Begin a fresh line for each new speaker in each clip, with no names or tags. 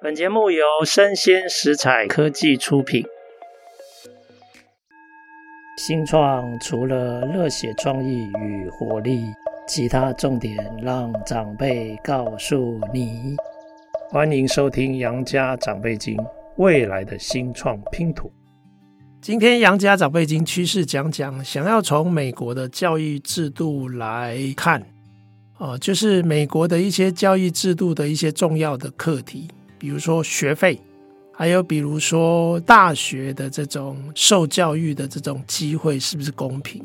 本節目由聲鮮時采科技出品。新創除了熱血創意與活力，其他重點讓長輩告訴你。歡迎收聽《楊家長輩經》，未來的新創拼圖。今天楊家長輩經趨勢講講，想要從美國的教育制度來看，哦、呃，就是美國的一些教育制度的一些重要的課題。比如說學費，還有比如說大學的這種受教育的這種機會是不是公平？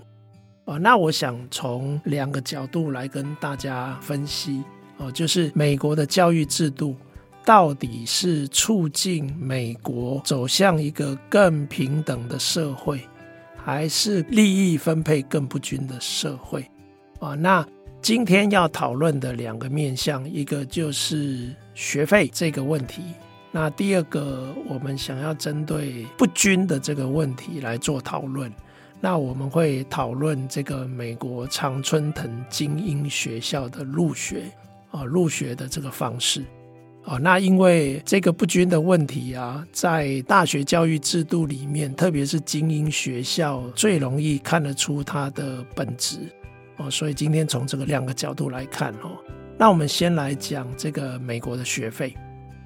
那我想從兩個角度來跟大家分析哦，就是美國的教育制度到底是促進美國走向一個更平等的社會，還是利益分配更不均的社會？啊，那今天要討論的兩個面向，一個就是。學費這個問題，那第二個我們想要針對不均的這個問題來做討論，那我們會討論這個美國常春藤精英學校的入學，啊、哦、入學的這個方式，啊、哦。那因為這個不均的問題啊，在大學教育制度裡面，特別是精英學校最容易看得出它的本質，哦，所以今天從這個兩個角度來看，哦。那我們先來講這個美國的學費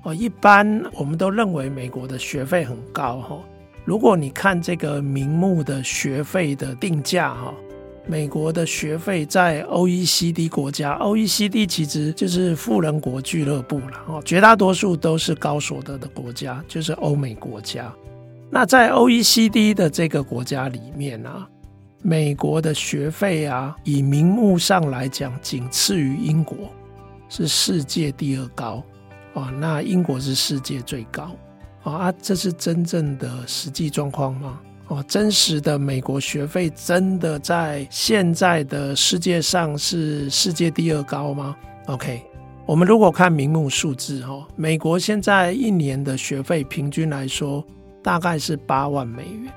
哦。一般我們都認為美國的學費很高哈。如果你看這個名目的學費的定價哈，美國的學費在 OECD 國家，OECD 其實就是富人國俱樂部啦哦，絕大多數都是高所得的國家，就是歐美國家。那在 OECD 的這個國家裡面啊，美國的學費啊，以名目上來講，僅次於英國。是世界第二高哦，那英國是世界最高哦啊，這是真正的實際狀況嗎？哦，真實的美國學費真的在現在的世界上是世界第二高嗎？OK，我們如果看名目數字哈，美國現在一年的學費平均來說大概是八萬美元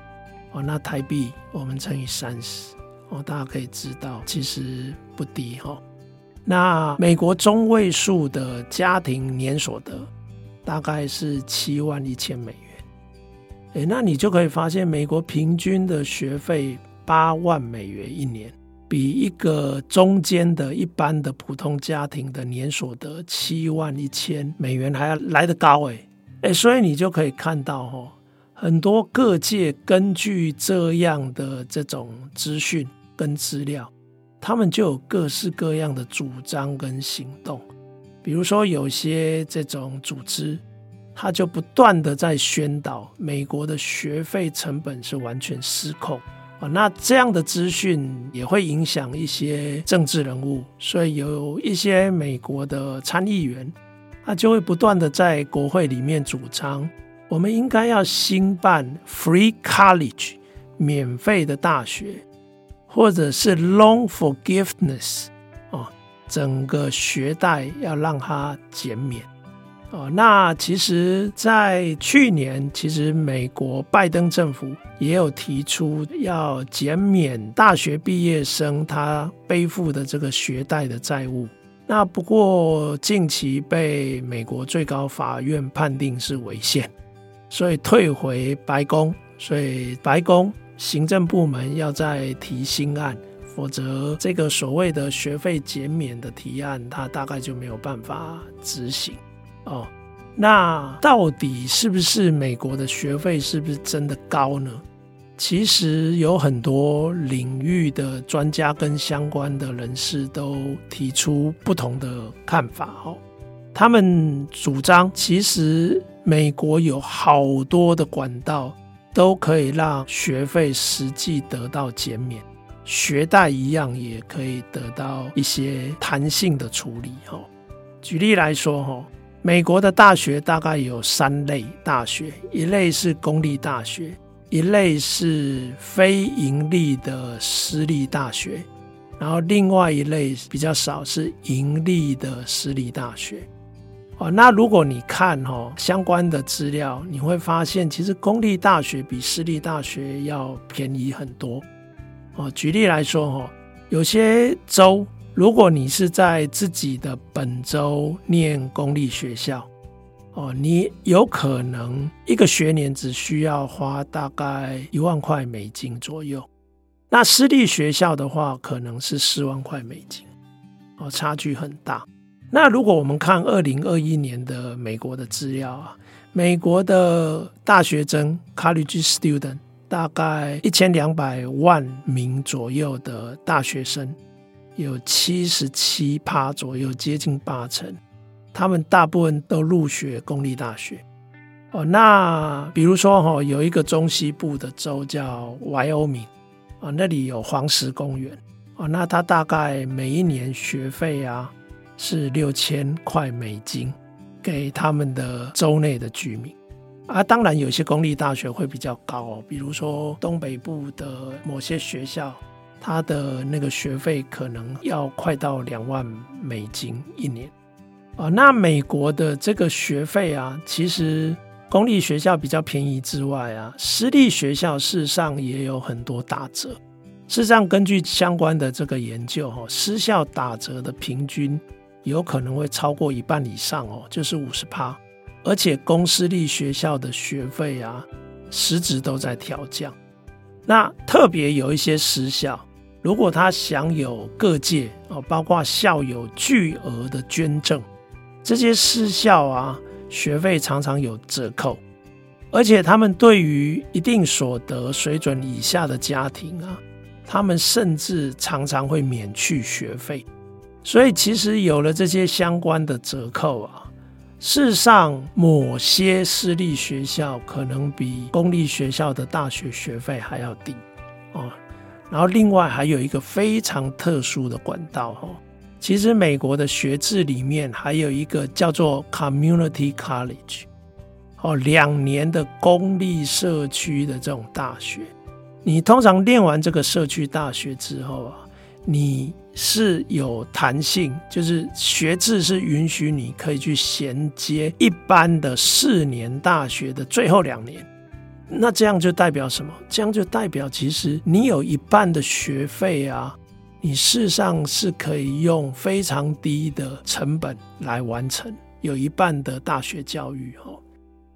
哦，那台幣我們乘以三十哦，大家可以知道其實不低哈。那美國中位數的家庭年所得大概是七萬一千美元，誒，那你就可以發現美國平均的學費八萬美元一年，比一個中間的一般的普通家庭的年所得七萬一千美元還要來得高，誒。誒，所以你就可以看到哦，很多各界根據這樣的這種資訊跟資料。他們就有各式各樣的主張跟行動，比如說有些這種組織，他就不斷的在宣導美國的學費成本是完全失控啊。那這樣的資訊也會影響一些政治人物，所以有一些美國的參議員，他就會不斷的在國會裡面主張，我們應該要興辦 free college，免費的大學。或者是 long forgiveness，哦，整個學貸要讓它減免，哦，那其實，在去年，其實美國拜登政府也有提出要減免大學畢業生他背負的這個學貸的債務。那不過近期被美國最高法院判定是違憲，所以退回白宮，所以白宮。行政部門要再提新案，否則這個所謂的學費減免的提案，它大概就沒有辦法執行哦。那到底是不是美國的學費是不是真的高呢？其實有很多領域的專家跟相關的人士都提出不同的看法哦。他們主張，其實美國有好多的管道。都可以讓學費實際得到減免，學貸一樣也可以得到一些彈性的處理。哦，舉例來說，哈，美國的大學大概有三類大學：一類是公立大學，一類是非盈利的私立大學，然後另外一類比較少是盈利的私立大學。哦，那如果你看哦相關的資料，你會發現其實公立大學比私立大學要便宜很多。哦，舉例來說，哦，有些州如果你是在自己的本州念公立學校，哦，你有可能一個學年只需要花大概一萬塊美金左右。那私立學校的話，可能是四萬塊美金，哦，差距很大。那如果我們看二零二一年的美國的資料啊，美國的大學生 （college student） 大概一千兩百萬名左右的大學生，有七十七趴左右，接近八成，他們大部分都入學公立大學。哦，那比如說哈、哦，有一個中西部的州叫懷俄明啊，那裡有黃石公園啊、哦，那他大概每一年學費啊，是六千塊美金給他們的州內的居民啊，當然有些公立大學會比較高，哦，比如說東北部的某些學校，它的那個學費可能要快到兩萬美金一年啊。那美國的這個學費啊，其實公立學校比較便宜之外啊，私立學校事實上也有很多打折。事實上，根據相關的這個研究哈，哦，私校打折的平均，有可能會超過一半以上哦，就是五十趴，而且公私立學校的學費啊，實質都在調降。那特別有一些私校，如果他享有各界哦，包括校友巨額的捐贈，這些私校啊，學費常常有折扣，而且他們對於一定所得水準以下的家庭啊，他們甚至常常會免去學費。所以其實有了這些相關的折扣啊，事實上，某些私立學校可能比公立學校的大學學費還要低啊、哦，然後另外還有一個非常特殊的管道哈、哦，其實美國的學制裡面還有一個叫做 Community College 哦，兩年的公立社區的這種大學，你通常念完這個社區大學之後啊，你。是有彈性，就是學制是允許你可以去銜接一般的四年大學的最後兩年。那這樣就代表什麼？這樣就代表其實你有一半的學費啊，你事實上是可以用非常低的成本來完成有一半的大學教育。哦，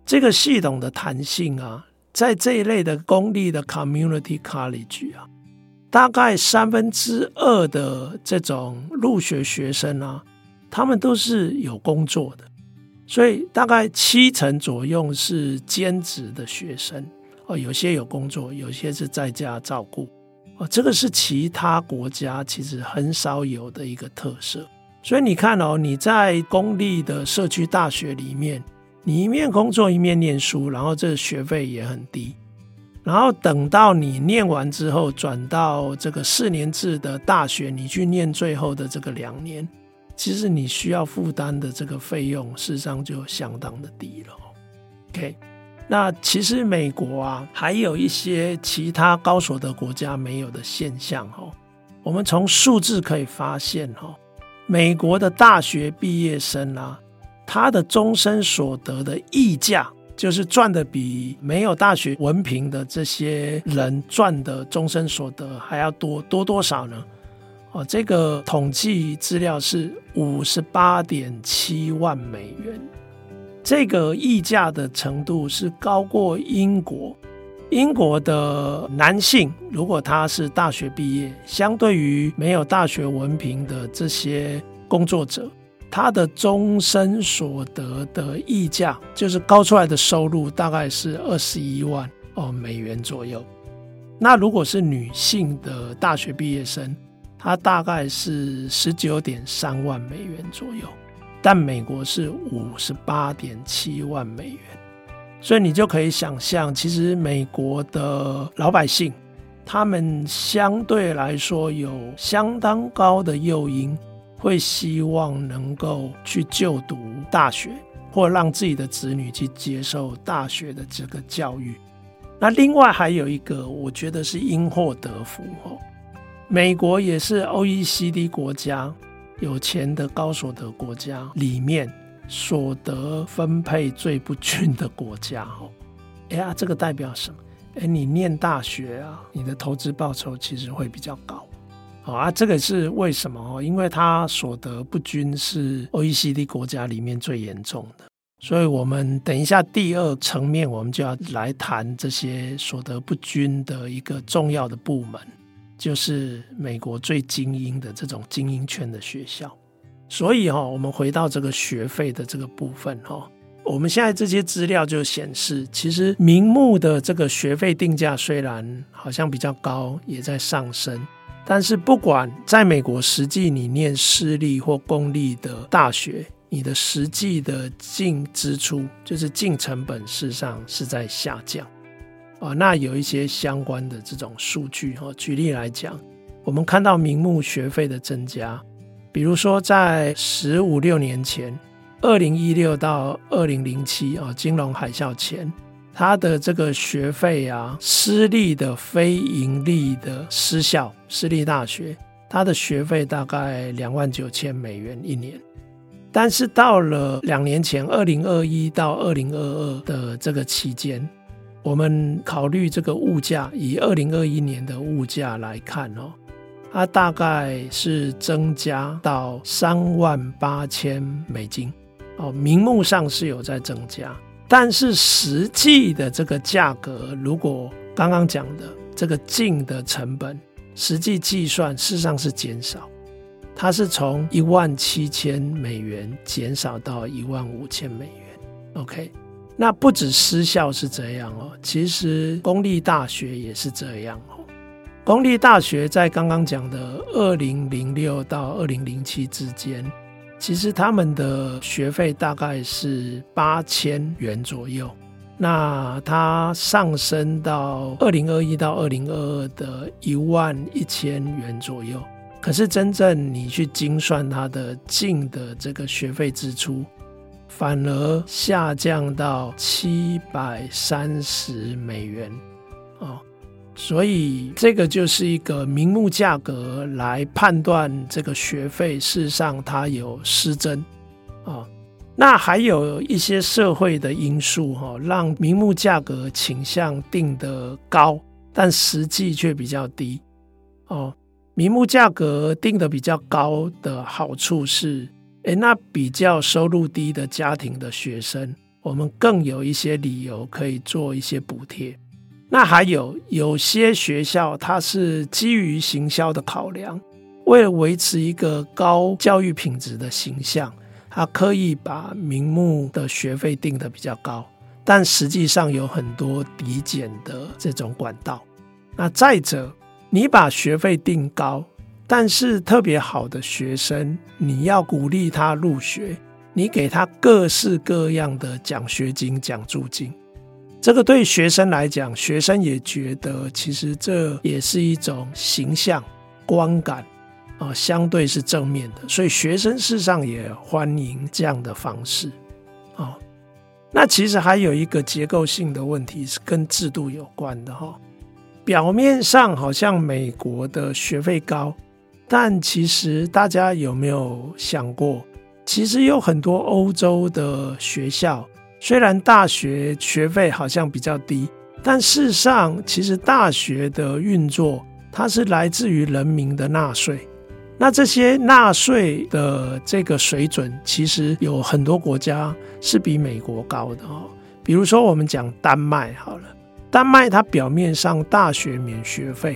這個系統的彈性啊，在這一類的公立的 community college 啊。大概三分之二的這種入學學生啊，他們都是有工作的，所以大概七成左右是兼職的學生哦。有些有工作，有些是在家照顧哦。這個是其他國家其實很少有的一個特色。所以你看哦，你在公立的社區大學裡面，你一面工作一面念書，然後這學費也很低。然後等到你念完之後，轉到這個四年制的大學，你去念最後的這個兩年，其實你需要負擔的這個費用，事實上就相當的低了。OK，那其實美國啊，還有一些其他高所得國家沒有的現象哦，我們從數字可以發現哦，美國的大學畢業生啊，他的終身所得的溢價。就是賺的比沒有大學文憑的這些人賺的終身所得還要多多多少呢？哦，這個統計資料是五十八點七萬美元，這個溢價的程度是高過英國。英國的男性如果他是大學畢業，相對於沒有大學文憑的這些工作者，他的終身所得的溢價，就是高出來的收入，大概是二十一萬哦美元左右。那如果是女性的大學畢業生，她大概是十九點三萬美元左右，但美國是五十八點七萬美元。所以你就可以想象，其實美國的老百姓，他們相對來說有相當高的誘因。會希望能夠去就讀大學，或讓自己的子女去接受大學的這個教育。那另外還有一個，我覺得是因禍得福哦。美國也是 OECD 國家，有錢的高所得國家裡面，所得分配最不均的國家哦。哎呀，啊，這個代表什麼？哎，你念大學啊，你的投資報酬其實會比較高。好、哦、啊，這個是為什麼？哦，因為它所得不均是 OECD 國家裡面最嚴重的，所以我們等一下第二層面，我們就要來談這些所得不均的一個重要的部門，就是美國最精英的這種精英圈的學校。所以哈、哦，我們回到這個學費的這個部分哈、哦，我們現在這些資料就顯示，其實名目的這個學費定價雖然好像比較高，也在上升。但是不管在美國，實際你念私立或公立的大學，你的實際的淨支出就是淨成本，事實上是在下降。啊、哦，那有一些相關的這種數據哈、哦。舉例來講，我們看到名目學費的增加，比如說在十五六年前，二零一六到二零零七啊，金融海嘯前。他的這個學費啊，私立的非盈利的私校、私立大學，他的學費大概兩萬九千美元一年。但是到了兩年前，二零二一到二零二二的這個期間，我們考慮這個物價，以二零二一年的物價來看哦，它大概是增加到三萬八千美金哦，名目上是有在增加。但是實際的這個價格，如果剛剛講的這個淨的成本，實際計算事實上是減少，它是從一萬七千美元減少到一萬五千美元。OK，那不止私校是這樣哦，其實公立大學也是這樣哦。公立大學在剛剛講的二零零六到二零零七之間。其實他們的學費大概是八千元左右，那它上升到二零二一到二零二二的一萬一千元左右。可是真正你去精算它的淨的這個學費支出，反而下降到七百三十美元啊。所以這個就是一個名目價格來判斷這個學費，事實上它有失真啊、哦。那還有一些社會的因素哈、哦，讓名目價格傾向定得高，但實際卻比較低哦。名目價格定得比較高的好處是，誒，那比較收入低的家庭的學生，我們更有一些理由可以做一些補貼。那還有有些學校，它是基於行銷的考量，為了維持一個高教育品質的形象，它刻意把名目的學費定得比較高，但實際上有很多抵減的這種管道。那再者，你把學費定高，但是特別好的學生，你要鼓勵他入學，你給他各式各樣的獎學金、獎助金。這個對學生來講，學生也覺得其實這也是一種形象、觀感啊、哦，相對是正面的，所以學生事實上也歡迎這樣的方式啊、哦。那其實還有一個結構性的問題是跟制度有關的哈、哦。表面上好像美國的學費高，但其實大家有沒有想過，其實有很多歐洲的學校。雖然大學學費好像比較低，但事實上，其實大學的運作它是來自於人民的納稅。那這些納稅的這個水準，其實有很多國家是比美國高的哦。比如說，我們講丹麥好了，丹麥它表面上大學免學費，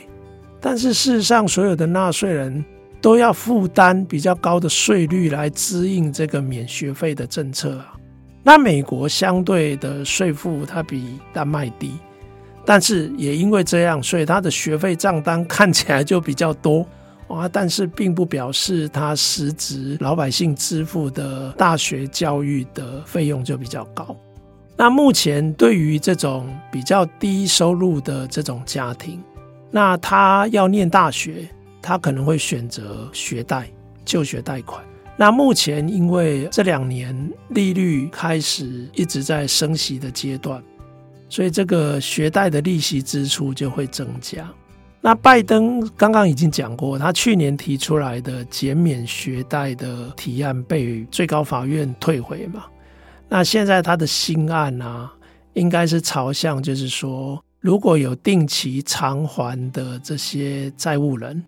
但是事實上，所有的納稅人都要負擔比較高的稅率來支應這個免學費的政策啊。那美國相對的稅負它比丹麥低，但是也因為這樣，所以它的學費賬單看起來就比較多啊。但是並不表示它實質老百姓支付的大學教育的費用就比較高。那目前對於這種比較低收入的這種家庭，那他要念大學，他可能會選擇學貸、就學貸款。那目前因為這兩年利率開始一直在升息的階段，所以這個學貸的利息支出就會增加。那拜登剛剛已經講過，他去年提出來的減免學貸的提案被最高法院退回嘛。那現在他的新案啊，應該是朝向就是說，如果有定期償還的這些債務人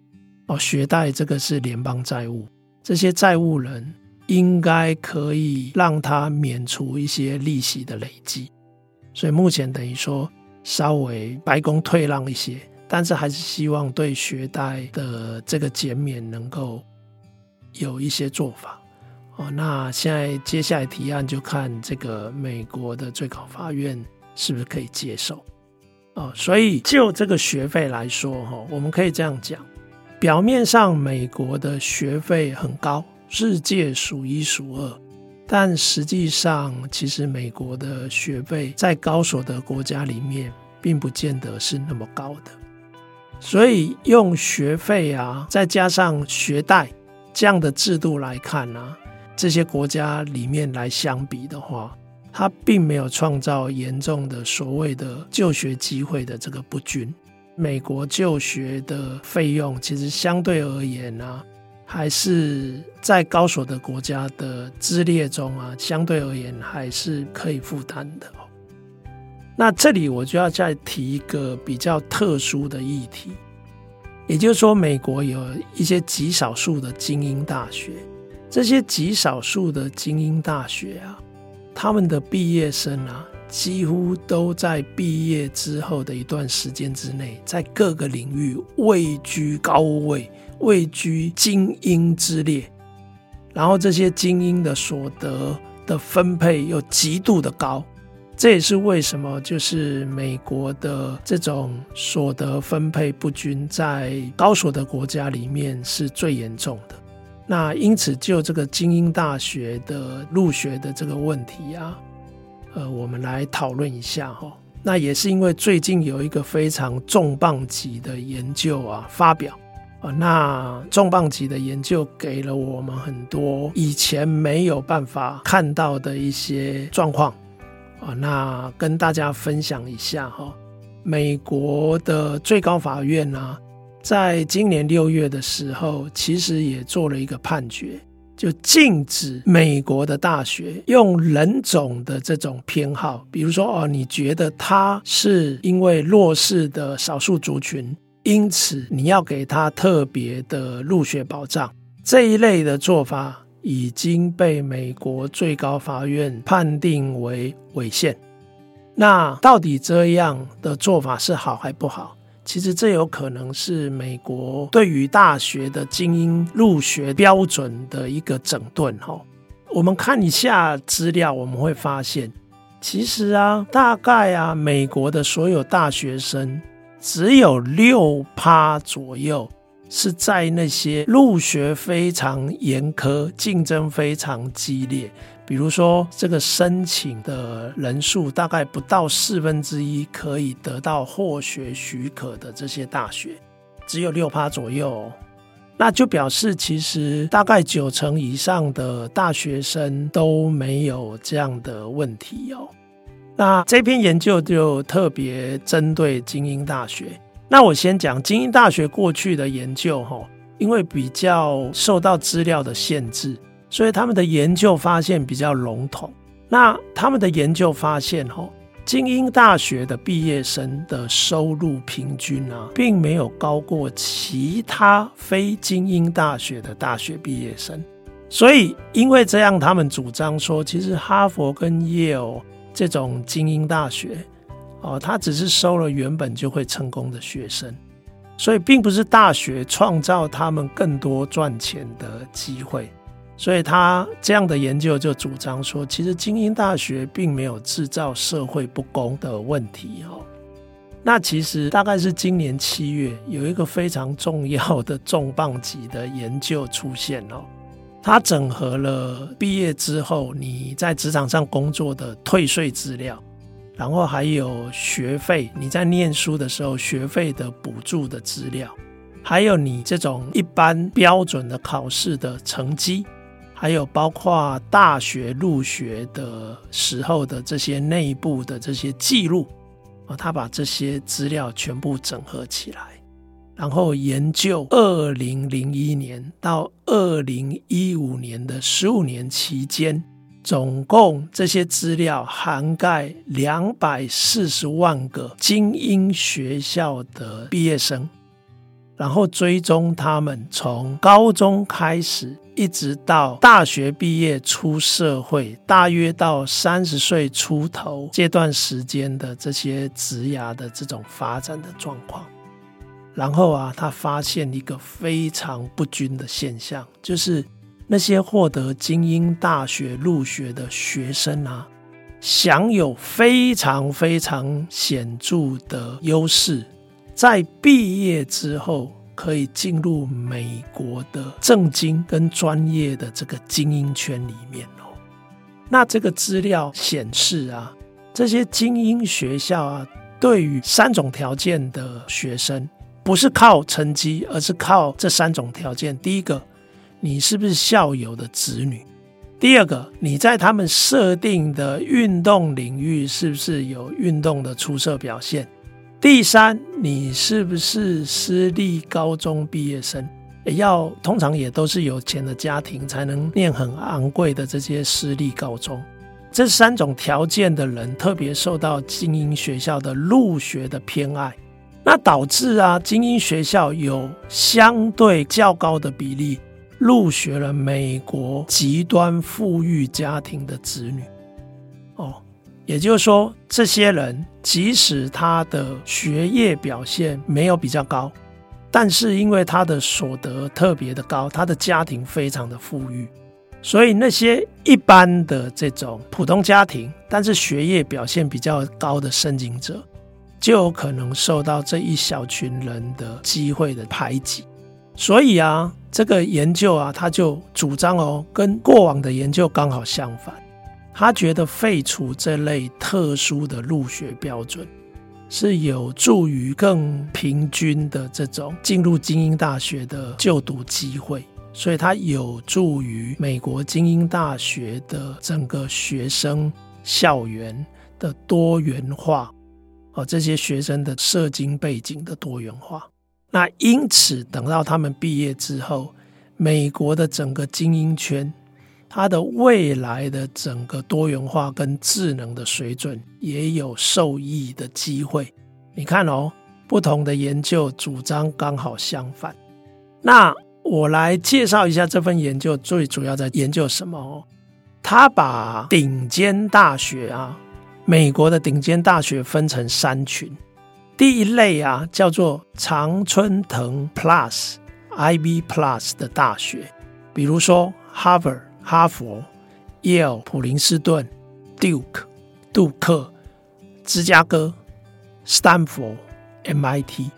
哦，學貸這個是聯邦債務。這些債務人應該可以讓他免除一些利息的累積，所以目前等於說稍微白宮退讓一些，但是還是希望對學貸的這個減免能夠有一些做法哦。那現在接下來提案就看這個美國的最高法院是不是可以接受哦。所以就這個學費來說，哈，我們可以這樣講。表面上，美國的學費很高，世界數一數二，但實際上，其實美國的學費在高所得國家裡面，並不見得是那麼高的。所以，用學費啊，再加上學貸這樣的制度來看啊，這些國家裡面來相比的話，它並沒有創造嚴重的所謂的就學機會的這個不均。美國就學的費用，其實相對而言啊，還是在高所得國家的之列中啊，相對而言還是可以負擔的哦。那這裡我就要再提一個比較特殊的議題，也就是說，美國有一些極少數的精英大學，這些極少數的精英大學啊，他們的畢業生啊。幾乎都在畢業之後的一段時間之內，在各個領域位居高位，位居精英之列。然後這些精英的所得的分配又極度的高，這也是為什麼就是美國的這種所得分配不均，在高所得國家裡面是最嚴重的。那因此，就這個精英大學的入學的這個問題啊。呃，我們來討論一下哈。那也是因為最近有一個非常重磅級的研究啊發表啊，那重磅級的研究給了我們很多以前沒有辦法看到的一些狀況啊。那跟大家分享一下哈，美國的最高法院呢，啊，在今年六月的時候，其實也做了一個判決。就禁止美國的大學用人種的這種偏好，比如說哦，你覺得他是因為弱勢的少數族群，因此你要給他特別的入學保障，這一類的做法已經被美國最高法院判定為違憲。那到底這樣的做法是好還不好？其實這有可能是美國對於大學的精英入學標準的一個整頓哈。我們看一下資料，我們會發現，其實啊，大概啊，美國的所有大學生只有六趴左右是在那些入學非常嚴苛、競爭非常激烈。比如說，這個申請的人數大概不到四分之一可以得到獲學許可的這些大學，只有六趴左右，那就表示其實大概九成以上的大學生都沒有這樣的問題哦。那這篇研究就特別針對精英大學。那我先講精英大學過去的研究，因為比較受到資料的限制。所以他們的研究發現比較籠統。那他們的研究發現，吼，精英大學的畢業生的收入平均啊，並沒有高過其他非精英大學的大學畢業生。所以，因為這樣，他們主張說，其實哈佛跟耶魯這種精英大學，哦，他只是收了原本就會成功的學生，所以並不是大學創造他們更多賺錢的機會。所以他這樣的研究就主張說，其實精英大學並沒有製造社會不公的問題哦。那其實大概是今年七月有一個非常重要的重磅級的研究出現了，它整合了畢業之後你在職場上工作的退稅資料，然後還有學費你在念書的時候學費的補助的資料，還有你這種一般標準的考試的成績。還有包括大學入學的時候的這些內部的這些記錄，啊，他把這些資料全部整合起來，然後研究二零零一年到二零一五年的十五年期間，總共這些資料涵蓋兩百四十萬個精英學校的畢業生，然後追蹤他們從高中開始。一直到大學畢業出社會，大約到三十歲出頭這段時間的這些職涯的這種發展的狀況，然後啊，他發現一個非常不均的現象，就是那些獲得精英大學入學的學生啊，享有非常非常顯著的優勢，在畢業之後。可以進入美國的政經跟專業的這個精英圈裡面哦。那這個資料顯示啊，這些精英學校啊，對於三種條件的學生，不是靠成績，而是靠這三種條件：第一個，你是不是校友的子女？第二個，你在他們設定的運動領域是不是有運動的出色表現？第三，你是不是私立高中畢業生？欸、要通常也都是有錢的家庭才能念很昂貴的這些私立高中。這三種條件的人特別受到精英學校的入學的偏愛，那導致啊，精英學校有相對較高的比例入學了美國極端富裕家庭的子女。也就是說，這些人即使他的學業表現沒有比較高，但是因為他的所得特別的高，他的家庭非常的富裕，所以那些一般的這種普通家庭，但是學業表現比較高的申請者，就有可能受到這一小群人的機會的排擠。所以啊，這個研究啊，他就主張哦，跟過往的研究剛好相反。他覺得廢除這類特殊的入學標準，是有助於更平均的這種進入精英大學的就讀機會，所以它有助於美國精英大學的整個學生校園的多元化，哦，這些學生的社經背景的多元化。那因此，等到他們畢業之後，美國的整個精英圈。它的未來的整個多元化跟智能的水準也有受益的機會。你看哦，不同的研究主張剛好相反。那我來介紹一下這份研究最主要在研究什麼哦？他把頂尖大學啊，美國的頂尖大學分成三群。第一類啊，叫做常春藤 Plus、Ivy Plus 的大學，比如說 Harvard。哈佛、耶爾、普林斯頓、Duke、杜克、芝加哥、Stanford、MIT，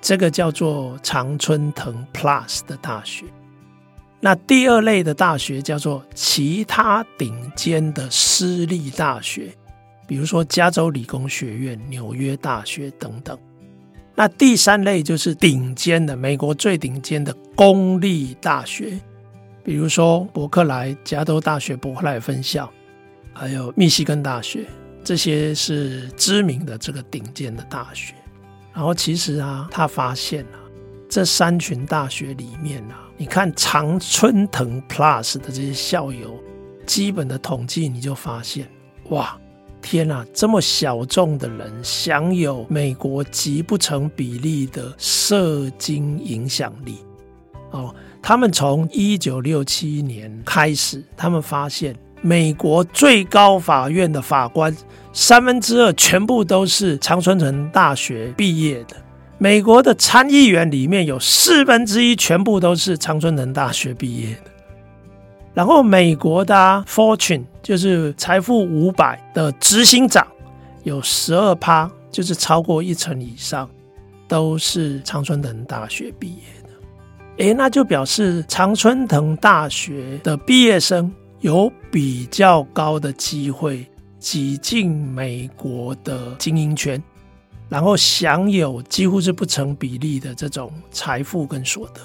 這個叫做常春藤 Plus 的大學。那第二類的大學叫做其他頂尖的私立大學，比如說加州理工學院、紐約大學等等。那第三類就是頂尖的，美國最頂尖的公立大學。比如說，伯克萊加州大學伯克萊分校，還有密西根大學，這些是知名的這個頂尖的大學。然後，其實啊，他發現了、啊、這三群大學裡面啊，你看常春藤 Plus 的這些校友，基本的統計你就發現，哇，天啊，這麼小眾的人享有美國極不成比例的社經影響力，哦。他們從一九六七年開始，他們發現美國最高法院的法官三分之二全部都是常春藤大學畢業的。美國的參議員裡面有四分之一全部都是常春藤大學畢業的。然後，美國的 Fortune 就是財富五百的執行長有十二趴，就是超過一成以上都是常春藤大學畢業。誒，那就表示常春藤大學的畢業生有比較高的機會擠進美國的精英圈，然後享有幾乎是不成比例的這種財富跟所得。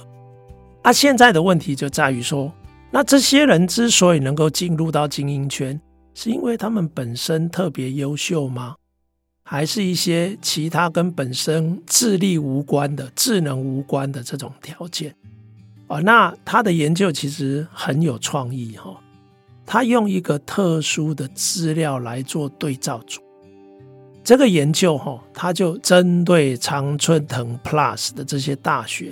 啊，現在的問題就在於說，那這些人之所以能夠進入到精英圈，是因為他們本身特別優秀嗎？還是一些其他跟本身智力無關的、智能無關的這種條件啊、哦？那他的研究其實很有創意哦，他用一個特殊的資料來做對照組。這個研究哈、哦，他就針對常春藤 Plus 的這些大學，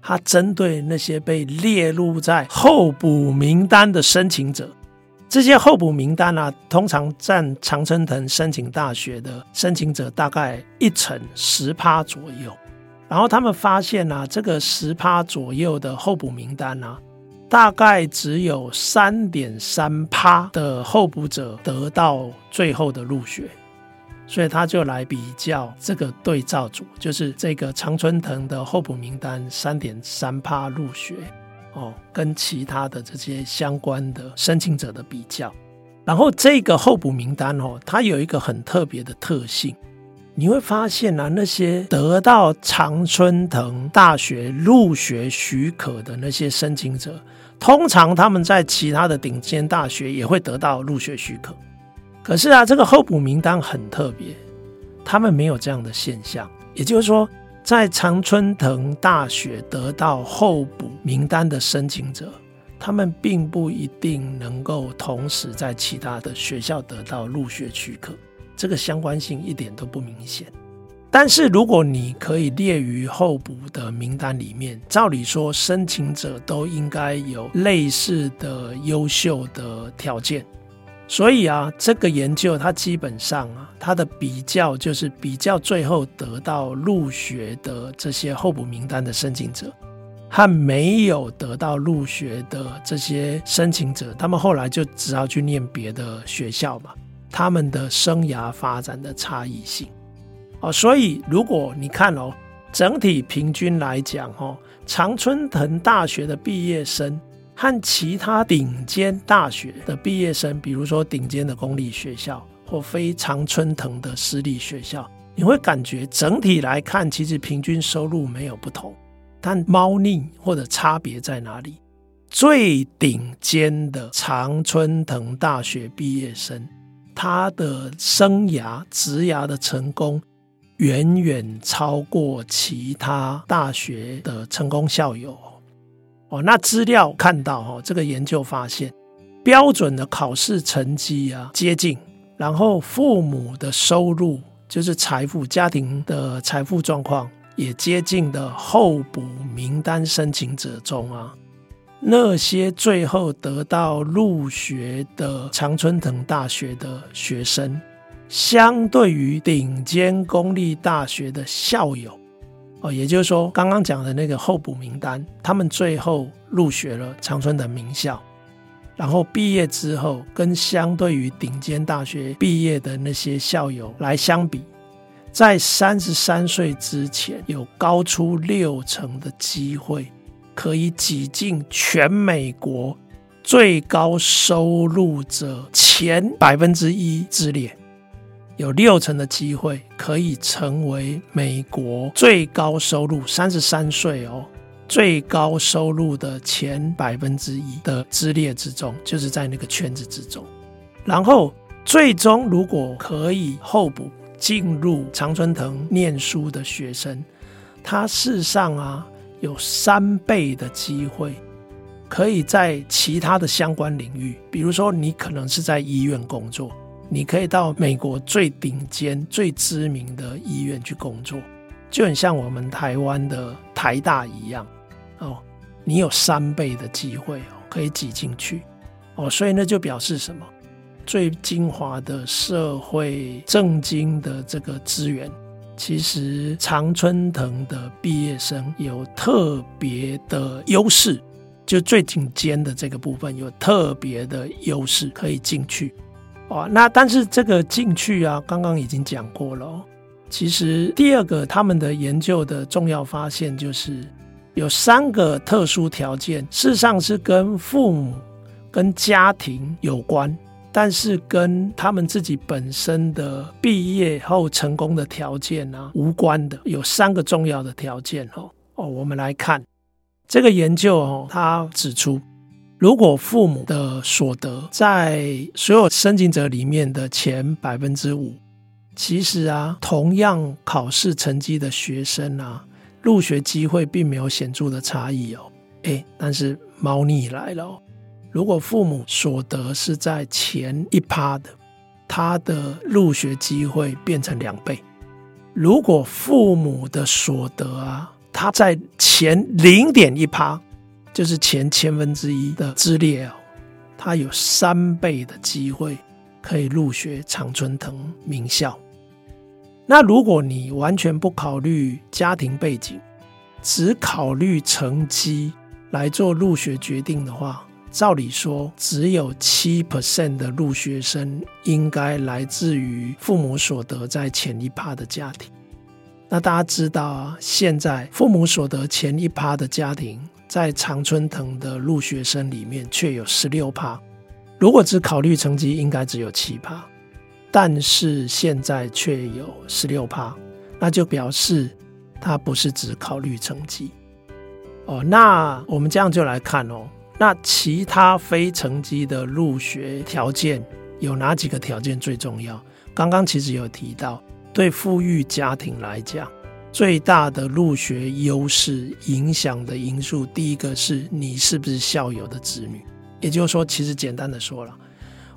他針對那些被列入在候補名單的申請者。這些候補名單呢、啊，通常佔常春藤申請大學的申請者大概一成十趴左右。然後他們發現呢、啊，這個十趴左右的候補名單呢、啊，大概只有三點三趴的候補者得到最後的入學。所以他就來比較這個對照組，就是這個常春藤的候補名單三點三趴入學。哦，跟其他的這些相關的申請者的比較，然後這個候補名單哦，它有一個很特別的特性，你會發現啊，那些得到常春藤大學入學許可的那些申請者，通常他們在其他的頂尖大學也會得到入學許可，可是啊，這個候補名單很特別，他們沒有這樣的現象，也就是說。在常春藤大學得到候補名單的申請者，他們並不一定能夠同時在其他的學校得到入學許可，這個相關性一點都不明顯。但是如果你可以列於候補的名單裡面，照理說申請者都應該有類似的優秀的條件。所以啊，這個研究它基本上啊，它的比較就是比較最後得到入學的這些候補名單的申請者，和沒有得到入學的這些申請者，他們後來就只好去念別的學校嘛，他們的生涯發展的差異性。哦，所以如果你看哦，整體平均來講，哦，常春藤大學的畢業生。看其他頂尖大學的畢業生，比如說頂尖的公立學校或非常春藤的私立學校，你會感覺整體來看其實平均收入沒有不同，但貓膩或者差別在哪裡？最頂尖的常春藤大學畢業生，他的生涯職涯的成功遠遠超過其他大學的成功校友。哦，那資料看到哦，這個研究發現，標準的考試成績啊，接近，然後父母的收入就是財富，家庭的財富狀況也接近的候補名單申請者中啊，那些最後得到入學的常春藤大學的學生，相對於頂尖公立大學的校友。哦，也就是說，剛剛講的那個候補名單，他們最後入學了常春藤名校，然後畢業之後，跟相對於頂尖大學畢業的那些校友來相比，在三十三歲之前，有高出六成的機會，可以擠進全美國最高收入者前百分之一之列。有六成的機會可以成為美國最高收入三十三歲哦，最高收入的前百分之一的之列之中，就是在那個圈子之中。然後，最終如果可以候補進入常春藤念書的學生，他事實上啊有三倍的機會可以在其他的相關領域，比如說你可能是在醫院工作。你可以到美國最頂尖、最知名的醫院去工作，就很像我們台灣的台大一樣，哦，你有三倍的機會哦，可以擠進去，哦，所以那就表示什麼？最精華的社會政經的這個資源，其實常春藤的畢業生有特別的優勢，就最頂尖的這個部分有特別的優勢可以進去。哦，那但是這個進去啊，剛剛已經講過了哦，其實第二個他們的研究的重要發現就是，有三個特殊條件，事實上是跟父母、跟家庭有關，但是跟他們自己本身的畢業後成功的條件啊無關的。有三個重要的條件哦哦，我們來看這個研究哦，他指出。如果父母的所得在所有申請者裡面的前百分之五，其實啊，同樣考試成績的學生啊，入學機會並沒有顯著的差異哦。哎，欸，但是貓膩來了哦。如果父母所得是在前一趴的，他的入學機會變成兩倍。如果父母的所得啊，他在前零點一趴。就是前千分之一的資歷哦，他有三倍的機會可以入學長春藤名校。那如果你完全不考慮家庭背景，只考慮成績來做入學決定的話，照理說只有七 percent 的入學生應該來自於父母所得在前一趴的家庭。那大家知道啊，現在父母所得前一趴的家庭，在常春藤的入學生裡面，卻有十六趴。如果只考慮成績，應該只有七趴，但是現在卻有十六趴，那就表示他不是只考慮成績。哦，那我們這樣就來看哦，那其他非成績的入學條件有哪幾個條件最重要？剛剛其實有提到，對富裕家庭來講。最大的入學優勢影響的因素，第一個是你是不是校友的子女。也就是說，其實簡單的說了，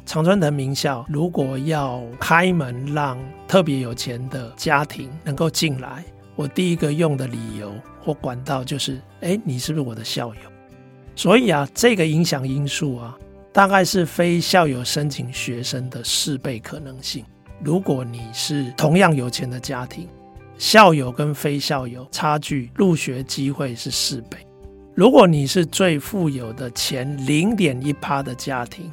常春藤名校如果要開門讓特別有錢的家庭能夠進來，我第一個用的理由或管道就是：哎，你是不是我的校友？所以啊，這個影響因素啊，大概是非校友申請學生的四倍可能性。如果你是同樣有錢的家庭。校友跟非校友差距，入學機會是四倍。如果你是最富有的前零點一趴的家庭，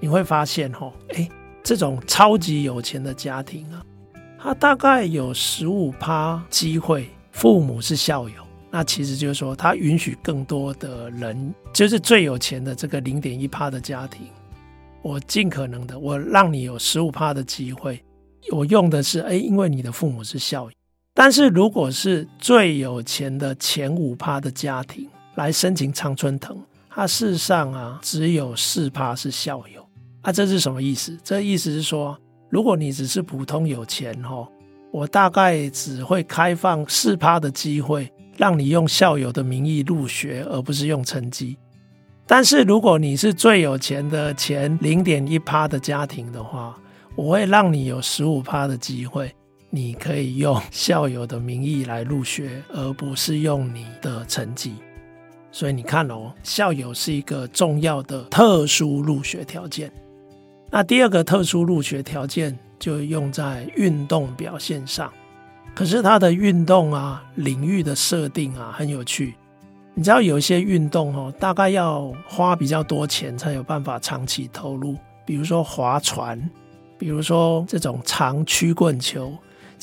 你會發現哈、哦，誒，這種超級有錢的家庭啊，它大概有十五趴機會，父母是校友。那其實就是說，它允許更多的人，就是最有錢的這個零點一趴的家庭，我盡可能的，我讓你有十五趴的機會。我用的是，誒，因為你的父母是校友。但是如果是最有錢的前五趴的家庭來申請常春藤，他、啊、世上啊只有四趴是校友，啊這是什麼意思？這個、意思是說，如果你只是普通有錢哦，我大概只會開放四趴的機會，讓你用校友的名義入學，而不是用成績。但是如果你是最有錢的前零點一趴的家庭的話，我會讓你有十五趴的機會。你可以用校友的名義來入學，而不是用你的成績。所以你看哦，校友是一個重要的特殊入學條件。那第二個特殊入學條件就用在運動表現上。可是它的運動啊，領域的設定啊，很有趣。你知道有一些運動哦，大概要花比較多錢才有辦法長期投入，比如說划船，比如說這種長曲棍球。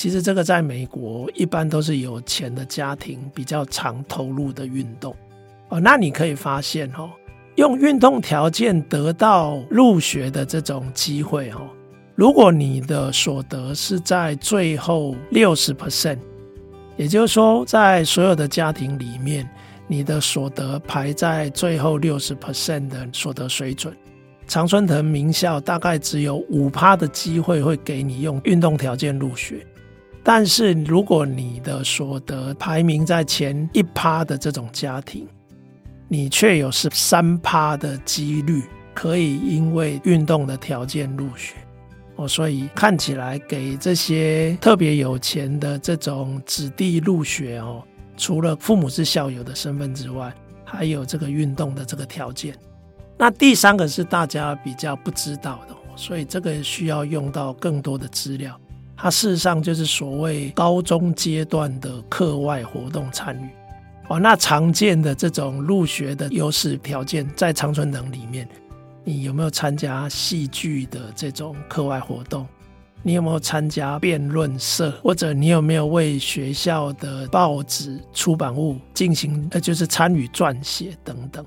其實這個在美國一般都是有錢的家庭比較常投入的運動哦。那你可以發現哦，用運動條件得到入學的這種機會哦，如果你的所得是在最後六十 percent，也就是說在所有的家庭裡面，你的所得排在最後六十 percent 的所得水準，常春藤名校大概只有五趴的機會會給你用運動條件入學。但是，如果你的所得排名在前一趴的這種家庭，你卻有十三趴的幾率可以因為運動的條件入學哦，所以看起來給這些特別有錢的這種子弟入學哦，除了父母是校友的身份之外，還有這個運動的這個條件。那第三個是大家比較不知道的，所以這個需要用到更多的資料。它事實上就是所謂高中階段的課外活動參與哦。那常見的這種入學的優勢條件，在長春藤裡面，你有沒有參加戲劇的這種課外活動？你有沒有參加辯論社？或者你有沒有為學校的報紙出版物進行，那就是參與撰寫等等？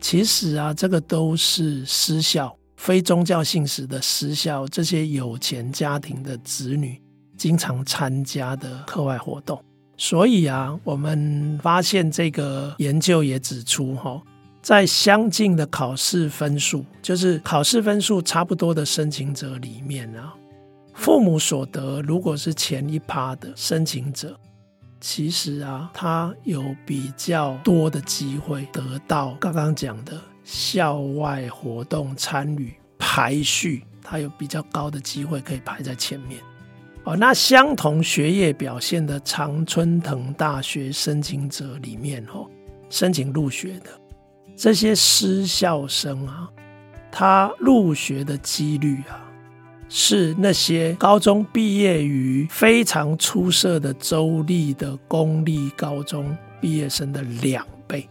其實啊，這個都是私校。非宗教性質的私校，這些有錢家庭的子女經常參加的課外活動。所以啊，我們發現這個研究也指出，吼，在相近的考試分數，就是考試分數差不多的申請者裡面啊，父母所得如果是前一趴的申請者，其實啊，他有比較多的機會得到剛剛講的。校外活動參與排序，他有比較高的機會可以排在前面。哦，那相同學業表現的常春藤大學申請者裡面，哦，申請入學的這些私校生啊，他入學的幾率啊，是那些高中畢業於非常出色的州立的公立高中畢業生的兩倍。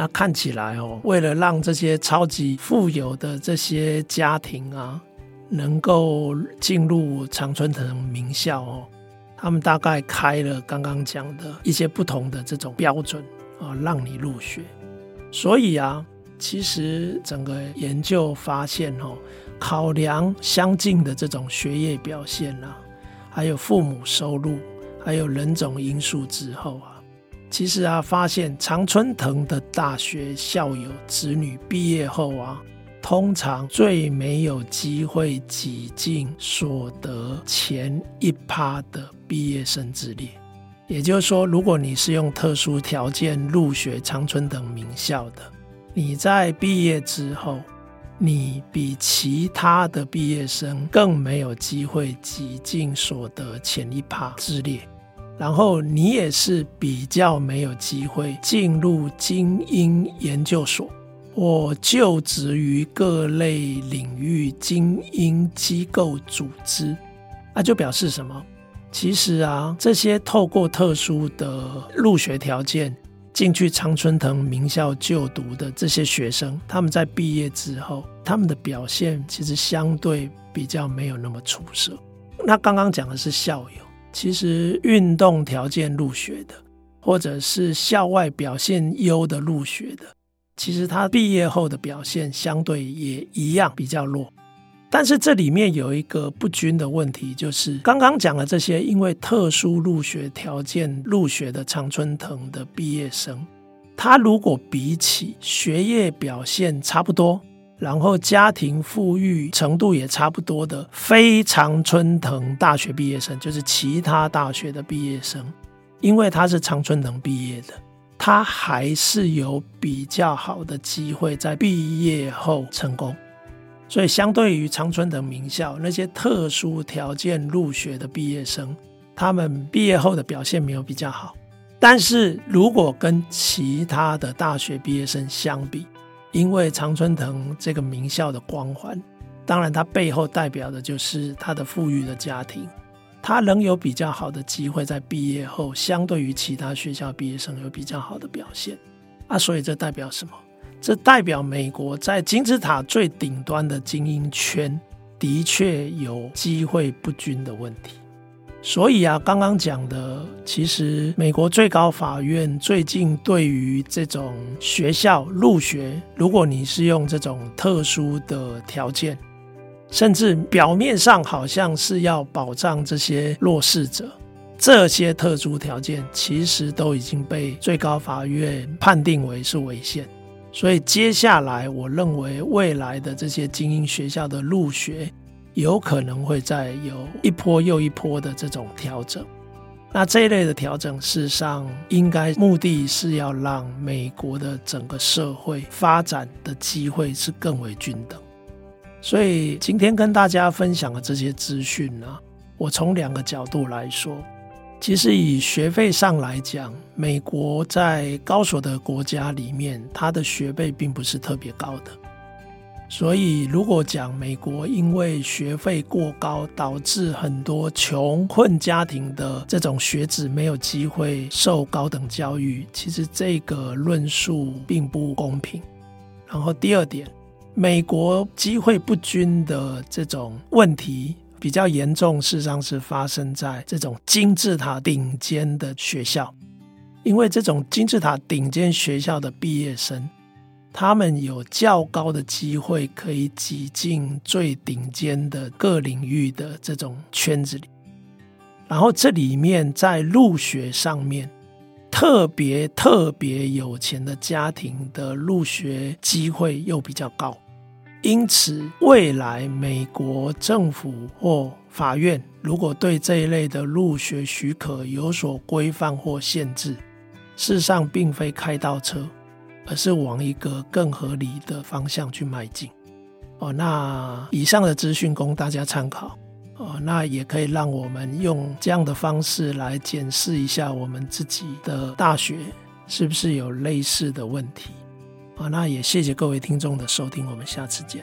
那看起來哦，為了讓這些超級富有的這些家庭啊，能夠進入常春藤名校哦，他們大概開了剛剛講的一些不同的這種標準啊，讓你入學。所以啊，其實整個研究發現哦，考量相近的這種學業表現啊，還有父母收入，還有人種因素之後啊。其實啊，發現常春藤的大學校友子女畢業後啊，通常最沒有機會擠進所得前一趴的畢業生之列。也就是說，如果你是用特殊條件入學常春藤名校的，你在畢業之後，你比其他的畢業生更沒有機會擠進所得前一趴之列。然後你也是比較沒有機會進入精英研究所，或就職於各類領域精英機構組織，啊，就表示什麼？其實啊，這些透過特殊的入學條件進去常春藤名校就讀的這些學生，他們在畢業之後，他們的表現其實相對比較沒有那麼出色。那剛剛講的是校友。其實運動條件入學的，或者是校外表現優的入學的，其實他畢業後的表現相對也一樣比較弱。但是這裡面有一個不均的問題，就是剛剛講了這些，因為特殊入學條件入學的常春藤的畢業生，他如果比起學業表現差不多。然後家庭富裕程度也差不多的，非常春藤大學畢業生，就是其他大學的畢業生，因為他是常春藤畢業的，他還是有比較好的機會在畢業後成功。所以，相對於常春藤名校那些特殊條件入學的畢業生，他們畢業後的表現沒有比較好。但是如果跟其他的大學畢業生相比，因為常春藤這個名校的光環，當然它背後代表的就是他的富裕的家庭，他仍有比較好的機會在畢業後，相對於其他學校畢業生有比較好的表現。啊，所以這代表什麼？這代表美國在金字塔最頂端的精英圈的確有機會不均的問題。所以啊，剛剛講的，其實美國最高法院最近對於這種學校入學，如果你是用這種特殊的條件，甚至表面上好像是要保障這些弱勢者，這些特殊條件其實都已經被最高法院判定為是違憲。所以接下來，我認為未來的這些精英學校的入學，有可能會再有一波又一波的這種調整，那這一類的調整，事實上應該目的是要讓美國的整個社會發展的機會是更為均等。所以今天跟大家分享的這些資訊呢、啊，我從兩個角度來說，
其實以
學費上來講，美國在高所得國家裡面，它的學費並不是特別高的。所以，如果講美國因為學費過高，導致很多窮困家庭的這種學子沒有機會受高等教育，其實這個論述並不公平。然後第二點，美國機會不均的這種問題比較嚴重，事實上是發生在這種金字塔頂尖的學校，因為這種金字塔頂尖學校的畢業生。他們有較高的機會可以擠進最頂尖的各領域的這種圈子裡，然後這裡面在入學上面，特別特別有錢的家庭的入學機會又比較高，因此未來美國政府或法院如果對這一類的入學許可有所規範或限制，事實上並非開倒車。而是往一個更合理的方向去邁進。哦，那以上的資訊供大家參考。哦，那也可以讓我們用這樣的方式來檢視一下我們自己的大學是不是有類似的問題。好，那也謝謝各位聽眾的收聽，我們下次見。